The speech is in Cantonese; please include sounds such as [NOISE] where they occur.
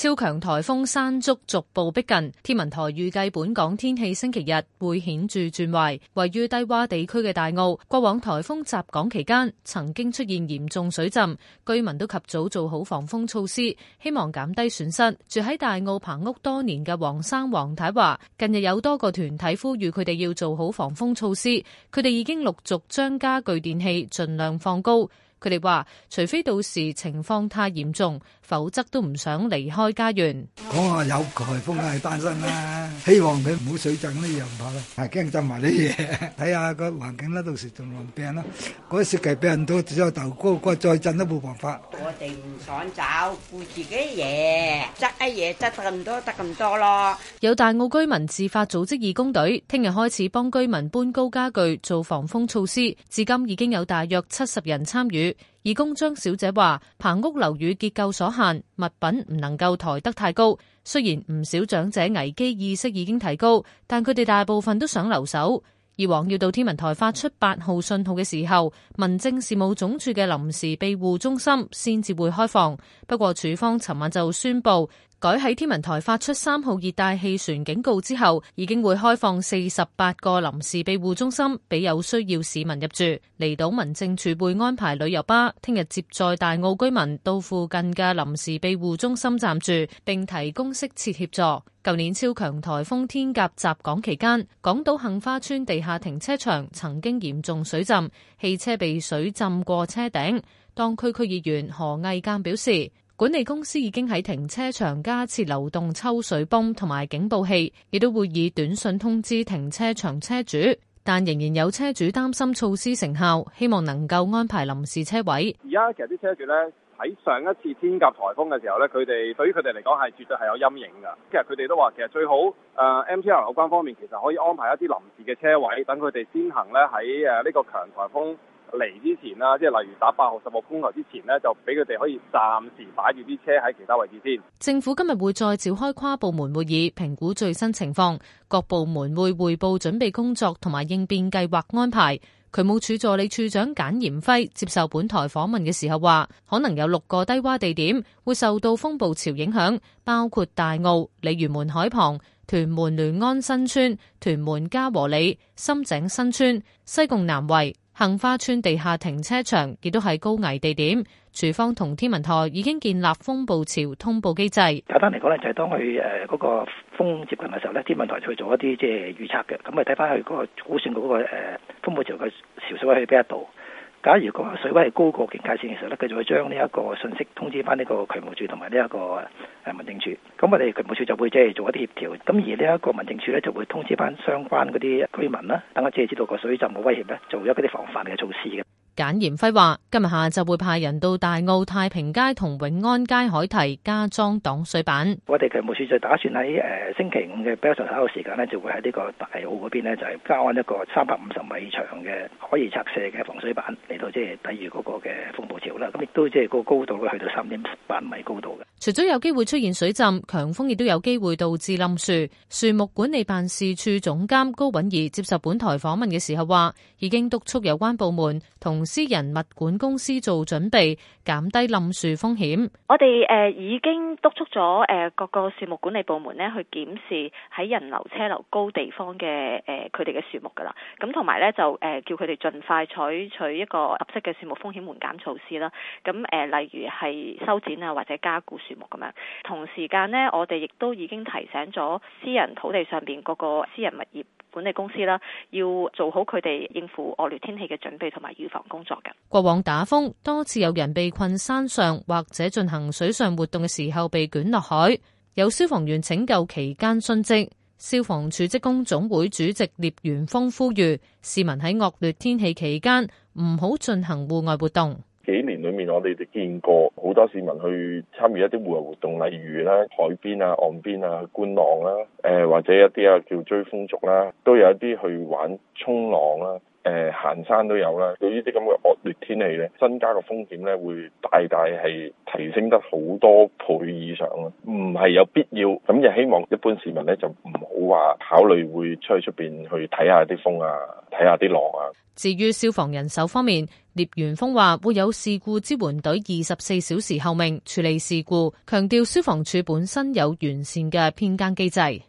超強颱風山竹逐步逼近，天文台預計本港天氣星期日會顯著轉壞。位於低窪地區嘅大澳，過往颱風襲港期間曾經出現嚴重水浸，居民都及早做好防風措施，希望減低損失。住喺大澳棚屋多年嘅黃生黃太話，近日有多個團體呼籲佢哋要做好防風措施，佢哋已經陸續將家具電器盡量放高。佢哋話：除非到時情況太嚴重，否則都唔想離開家園。講話有颶風係單身啦。 [NOISE] [NOISE] 希望佢唔好水浸呢嘢，唔怕啦，係驚浸埋啲嘢。睇下個環境啦，到時仲有病咯。嗰時佢病多，只有豆哥哥再震都冇辦法。我哋唔想走，顧自己嘢，執一嘢執咁多得咁多咯。有大澳居民自發組織義工隊，聽日開始幫居民搬高家具、做防風措施，至今已經有大約七十人參與。義工張小姐話：棚屋樓宇結構所限，物品唔能夠抬得太高。雖然唔少長者危機意識已經提高，但佢哋大部分都想留守。以往要到天文台發出八號信號嘅時候，民政事務總署嘅臨時庇護中心先至會開放。不過，署方尋晚就宣布。改喺天文台發出三號熱帶氣旋警告之後，已經會開放四十八個臨時庇護中心俾有需要市民入住。離島民政處會安排旅遊巴聽日接載大澳居民到附近嘅臨時庇護中心暫住，並提供適切協助。舊年超強颱風天鴿襲港期間，港島杏花邨地下停車場曾經嚴重水浸，汽車被水浸過車頂。當區區議員何毅鑑表示。管理公司已經喺停車場加設流動抽水泵同埋警報器，亦都會以短訊通知停車場車主。但仍然有車主擔心措施成效，希望能夠安排臨時車位。而家其實啲車主咧喺上一次天鴿颱風嘅時候咧，佢哋對於佢哋嚟講係絕對係有陰影㗎。其實佢哋都話其實最好，誒、呃、MTR 有關方面其實可以安排一啲臨時嘅車位，等佢哋先行咧喺誒呢個強颱風。嚟之前啦，即係例如打八號十號風球之前咧，就俾佢哋可以暫時擺住啲車喺其他位置先。政府今日會再召開跨部門會議，評估最新情況，各部門會匯報準備工作同埋應變計劃安排。渠務署助理處長簡炎輝接受本台訪問嘅時候話，可能有六個低洼地點會受到風暴潮影響，包括大澳、鯉魚門海旁、屯門聯安新村、屯門嘉和里、深井新村、西貢南圍。杏花邨地下停車場亦都係高危地點，廚房同天文台已經建立風暴潮通報機制。簡單嚟講咧，就係、是、當佢誒嗰個風接近嘅時候咧，天文台就去做一啲即係預測嘅，咁咪睇翻佢嗰個估算嗰、那個誒、啊、風暴潮嘅潮水位去邊一度。假如個水位係高過警戒線嘅時候咧，佢就會將呢一個信息通知翻呢個渠務處同埋呢一個誒民政處。咁我哋渠務處就會即係做一啲協調。咁而呢一個民政處咧就會通知翻相關嗰啲居民啦，等佢即係知道個水浸嘅威脅咧，做一啲防範嘅措施嘅。簡言輝話：今日下晝會派人到大澳太平街同永安街海堤加裝擋水板。我哋財務處就打算喺誒星期五嘅 business hour 時間咧，就會喺呢個大澳嗰邊咧，就係加安一個三百五十米長嘅可以拆卸嘅防水板嚟到，即係抵禦嗰個嘅風暴潮啦。咁亦都即係個高度去到三點八米高度嘅。除咗有機會出現水浸，強風亦都有機會導致冧樹。樹木管理辦事處總監高允儀接受本台訪問嘅時候話：已經督促有關部門同私人物管公司做準備，減低冧樹風險。我哋誒、呃、已經督促咗誒、呃、各個樹木管理部門咧去檢視喺人流車流高地方嘅誒佢哋嘅樹木噶啦，咁同埋咧就誒、呃、叫佢哋盡快採取，取一個合適嘅樹木風險緩減措施啦。咁、呃、誒例如係修剪啊或者加固樹木咁樣。同時間呢，我哋亦都已經提醒咗私人土地上邊各個私人物業，管理公司啦，要做好佢哋應付惡劣天氣嘅準備同埋預防工作嘅。過往打風多次有人被困山上或者進行水上活動嘅時候被捲落海，有消防員拯救期間殉職。消防處職工總會主席聶元峰呼籲市民喺惡劣天氣期間唔好進行戶外活動。幾年？我哋哋見過好多市民去參與一啲戶外活動，例如啦，海邊啊、岸邊啊、觀浪啦，誒或者一啲啊叫追風族啦，都有一啲去玩衝浪啦，誒行山都有啦。對於呢啲咁嘅惡劣天氣咧，增加嘅風險咧，會大大係提升得好多倍以上咯。唔係有必要咁，就希望一般市民咧就唔好話考慮會出去出邊去睇下啲風啊，睇下啲浪啊。至於消防人手方面，聶元峰話會有事故招援隊二十四小時候命處理事故，強調消防處本身有完善嘅編更機制。